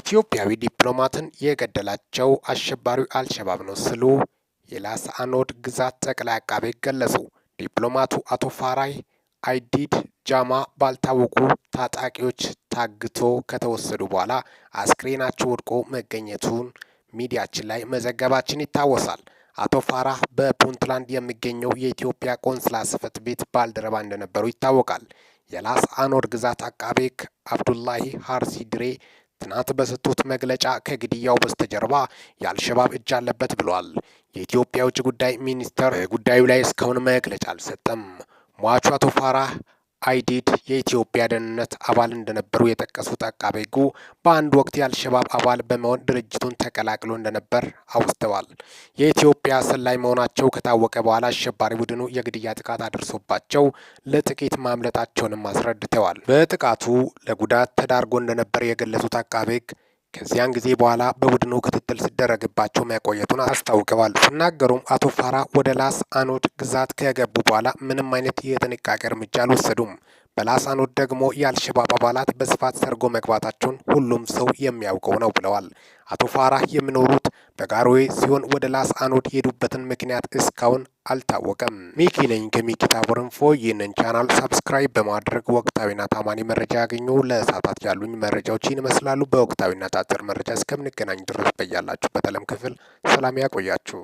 ኢትዮጵያዊ ዲፕሎማትን የገደላቸው አሸባሪው አልሸባብ ነው ስሉ የላስ አኖድ ግዛት ጠቅላይ አቃቤ ገለጹ። ዲፕሎማቱ አቶ ፋራይ አይዲድ ጃማ ባልታወቁ ታጣቂዎች ታግቶ ከተወሰዱ በኋላ አስክሬናቸው ወድቆ መገኘቱን ሚዲያችን ላይ መዘገባችን ይታወሳል። አቶ ፋራ በፑንትላንድ የሚገኘው የኢትዮጵያ ቆንስላ ስፈት ቤት ባልደረባ እንደነበሩ ይታወቃል። የላስ አኖድ ግዛት አቃቤ አብዱላሂ ሃርሲድሬ ትናንት በሰጡት መግለጫ ከግድያው በስተጀርባ የአልሸባብ እጅ አለበት ብሏል። የኢትዮጵያ የውጭ ጉዳይ ሚኒስቴር በጉዳዩ ላይ እስካሁን መግለጫ አልሰጠም። ሟቹ አቶ ፋራህ አይዲድ የኢትዮጵያ ደህንነት አባል እንደነበሩ የጠቀሱት አቃቤ ሕጉ በአንድ ወቅት የአልሸባብ አባል በመሆን ድርጅቱን ተቀላቅሎ እንደነበር አውስተዋል። የኢትዮጵያ ሰላይ መሆናቸው ከታወቀ በኋላ አሸባሪ ቡድኑ የግድያ ጥቃት አድርሶባቸው ለጥቂት ማምለጣቸውንም አስረድተዋል። በጥቃቱ ለጉዳት ተዳርጎ እንደነበር የገለጹት አቃቤ ሕግ ከዚያን ጊዜ በኋላ በቡድኑ ክትትል ሲደረግባቸው መቆየቱን አስታውቀዋል። ሲናገሩም አቶ ፋራ ወደ ላስ አኖድ ግዛት ከገቡ በኋላ ምንም አይነት የጥንቃቄ እርምጃ አልወሰዱም። በላስ አኖድ ደግሞ የአልሸባብ አባላት በስፋት ሰርጎ መግባታቸውን ሁሉም ሰው የሚያውቀው ነው ብለዋል። አቶ ፋራ የሚኖሩት በጋሮዌ ሲሆን ወደ ላስ አኖድ የሄዱበትን ምክንያት እስካሁን አልታወቀም። ሚኪ ነኝ ከሚኪታ ቦረንፎ። ይህንን ቻናል ሳብስክራይብ በማድረግ ወቅታዊና ታማኒ መረጃ ያገኙ። ለእሳታት ያሉኝ መረጃዎችን ይመስላሉ። በወቅታዊና አጫጭር መረጃ እስከምንገናኝ ድረስ በያላችሁ በተለም ክፍል ሰላም ያቆያችሁ።